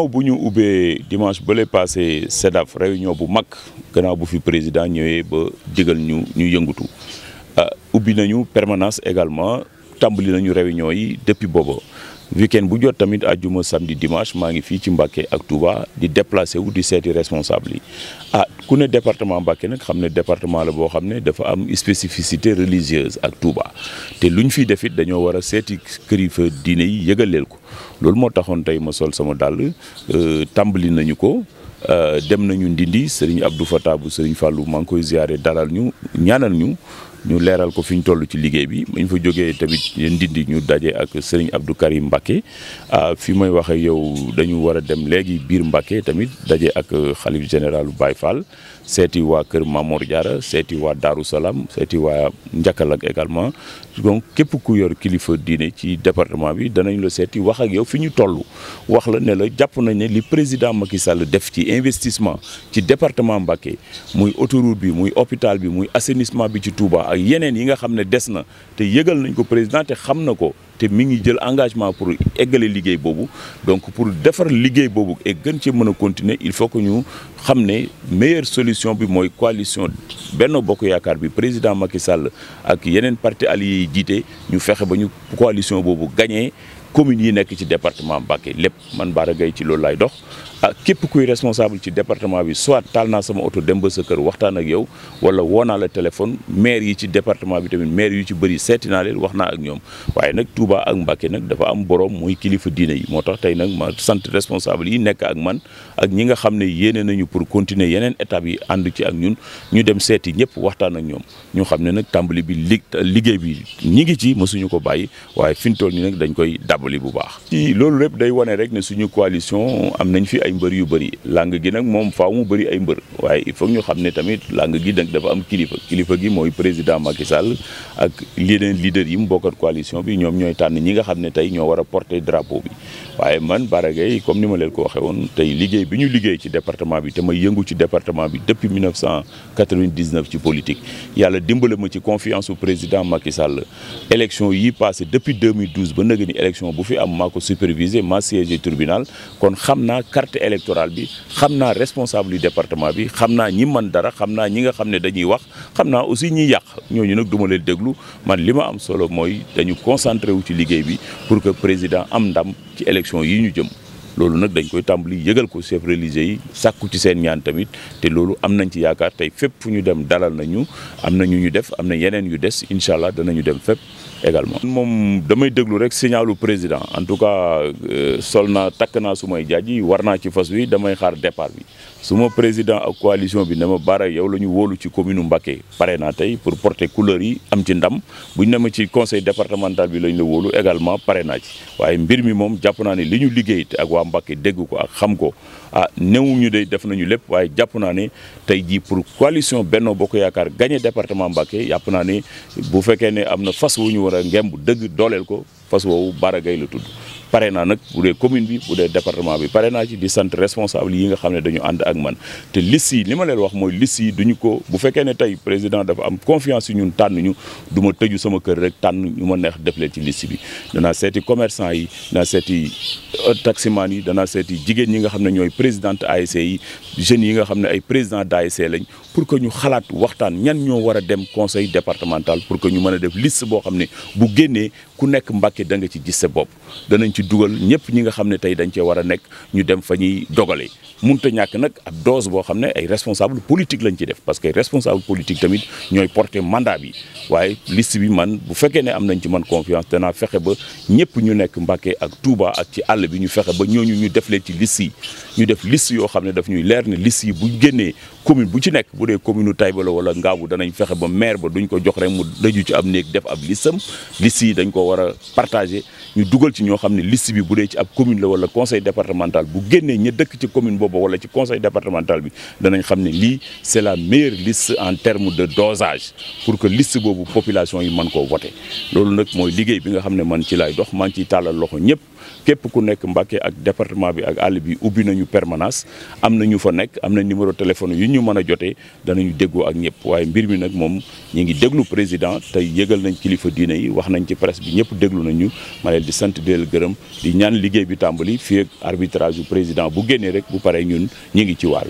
gannaaw bu ñu ubbee dimanche ba lay passé SEDAF réunion bu mag gannaaw bu fi président ñëwee ba digal ñu ñu yëngatu ah, ubbi nañu permanence également tàmbali nañu réunion yi depuis booba weekend bu jot tamit àjjuma samedi dimanche maa ngi fii ci Mbacké ak Touba di déplacé wu di seeti responsable yi ah ku ne département Mbacké nag xam ne département la boo xam ne dafa am spécificité religieuse ak Touba te lu ñu fiy def it dañoo war a seeti kilifa diine yi yëgal leen ko loolu moo taxoon tey ma sol sama dàll euh, tàmbali nañu ko. Euh, dem nañu Ndindi Serigne Abdou Fatah bu Serigne fàllu maa ngi koy ziare dalal ñu ñaanal ñu ñu leeral ko fi ñu toll ci liggéey bi bu fa jogee tamit ndindi ñu daje ak sëriñ Abdou Karim Mbacke ah, fi may waxe yow dañu war a dem léegi biir Mbacke tamit daje ak xalif euh, généralu Baye Fall seeti waa kër Mamor Diarra seeti waa Darou Salaam seeti waa Njakkalak également donc képp ku yor kilifa diine ci département bi danañ la seeti wax ak yow fi ñu toll wax la ne la jàpp nañ ne li président Macky Sall def ci investissement ci département Mbacke muy autoroute bi muy hôpital bi muy assainissement bi ci Touba. ak yeneen yi nga xam ne des na te yëgal nañ ko président te xam na ko te mi ngi jël engagement pour eggale liggéey boobu donc pour defar liggéey boobu et gën ci mën a continuer il faut que ñu xam ne meilleure solution bi mooy coalition Benno Bokk Yaakaar bi président Macky Sall ak yeneen parti alliés yi jiite ñu fexe ba ñu coalition boobu gañee communes yi nekk ci département Mbacké lépp man Bara Gaye ci loolu laay dox ah képp kuy responsable ci département bi soit taal naa sama oto dem ba sa kër waxtaan ak yow wala woo naa la téléphone maire yi ci département bi tamit maire yu ci bëri seeti naa leen wax naa ak ñoom waaye nag Touba ak Mbacké nag dafa am borom mooy kilifa diine yi moo tax tey nag ma sant responsable yi nekk ak man ak ñi nga xam ne yéene nañu pour continuer yeneen étapes yi ànd ci ak ñun ñu dem seeti ñëpp waxtaan ak ñoom ñu xam ne nag tàmbali bi li liggéey bi ñi ngi ci mësuñu ko bàyyi waaye fi ñu toll nii nag dañ koy dabali bu baax. ci day wane rek suñu coalition am ay mbër yu bëri làng gi nag moom faaw mu bëri ay mbër waaye il faut ñu xam ne tamit làng gi nag dafa am kilifa kilifa gi mooy président Macky Sall ak yeneen leader yi mu bokkat coalition bi ñoom ñooy tànn ñi nga xam ne tey ñoo war a porter drapeau bi waaye man Bara Gaye comme ni ma leen ko waxee woon tey liggéey bi ñu liggéey ci département bi te may yëngu ci département bi depuis 1999 ci politique yàlla dimbale ma ci confiance su président Macky Sall élection yi passé depuis 2012 ba nëgë ni élection bu fi am maa ko supervisé maa siégé tribunal kon xam naa carte électorale bi xam naa responsable du département bi xam naa ñi man dara xam naa ñi nga xam ne dañuy wax xam naa aussi ñi yàq ñooñu nag du leen déglu man li ma am solo mooy dañu concentré wu ci liggéey bi pour que président am ndam ci élection yi ñu jëm loolu nag dañ koy tàmbali yëgal ko chef religieux yi sàkku ci seen ñaan tamit te loolu am nañ ci yaakaar tey fépp fu ñu dem dalal ñu am na ñu ñu def am na yeneen yu des incha allah danañu dem fépp également. moom damay déglu rek signalu président en tout cas euh, sol na takk naa su may jaaji war naa ci fas wi damay xaar départ bi su ma président ak coalition bi ne ma baara yow la ñu wóolu ci commune Mbacké pare naa tey pour porte couleur yi am ci ndam bu ñ ne ma ci conseil départemental bi lañ la wóolu également pare naa ci waaye mi moom jàpp naa ne li ñu liggéey waa Mbacké dégg ko ak xam ko ah newuñu de def nañu lépp waaye jàpp naa ne tey jii pour coalition Benno Bokk Yaakaar gagné département Mbacké jàpp naa ne bu fekkee ne am na fas wu ñu war a ngemb dëgg dooleel ko fas woowu Bara Gaye la tudd pare naa nag bu dee commune bi bu dee département bi pare naa ci di sant responsable yi nga xam ne dañu ànd ak man te liste yi li ma leen wax mooy liste yi duñu ko bu fekkee ne tey président dafa am confiance ñun tànn ñu du tëju sama kër rek tànn ñu ma neex def leen ci liste bi danaa seeti commerçant yi danaa seeti euh, taximan yi danaa seeti jigéen ñi nga xam ne ñooy présidente ASC e yi jeunes yi nga xam ne ay président d'ASC e lañ pour que ñu xalaat waxtaan ñan ñoo war dem conseil départemental pour que ñu mën a def liste boo xam ne bu génnee ku nekk Mbàkke da nga ci gis sa bopp danañ ci dugal ñëpp ñi nga xam ne tey dañ cee war a nekk ñu dem fa ñuy dogalee munta ñàkk nag ak dose boo xam ne ay responsable politique lañ ci def parce que responsable politique tamit ñooy porter mandat bi waaye liste bi man bu fekkee ne am nañ ci man confiance danaa fexe ba ñëpp ñu nekk Mbàkke ak Touba ak ci àll bi ñu fexe ba ñooñu ñu def leen ci liste yi ñu def liste yoo xam ne daf ñuy leer ne liste yi bu génnee commune bu ci nekk bu dee commune Taïba la wala Ngaabu danañ fexe ba maire ba duñ ko jox rek mu daju ci ab néeg def ab listam liste yi dañ ko war a partagé ñu dugal ci ñoo xam ne liste bi bu dee ci ab commune la wala conseil départemental bu génnee ña dëkk ci commune boobu wala ci conseil départemental bi danañ xam ne lii c'est la meilleure liste en terme de dosage pour que liste boobu population yi man koo voté loolu nag mooy liggéey bi nga xam ne man ci laay dox maa ngi ciy tàllal loxo ñëpp képp ku nekk Mbacké ak département bi ak àll bi ubbi nañu permanence am na ñu fa nekk am na numéro téléphone yu ñu mën a jotee danañu déggoo ak ñëpp waaye mbir mi nag moom ñu ngi déglu président tey yëgal nañ kilifa diine yi wax nañ ci presse bi ñëpp déglu nañu ma di sant di leen gërëm di ñaan liggéey bi tàmbali fi ak arbitrage bu président bu génnee rek bu paree ñun ñu ngi ci waar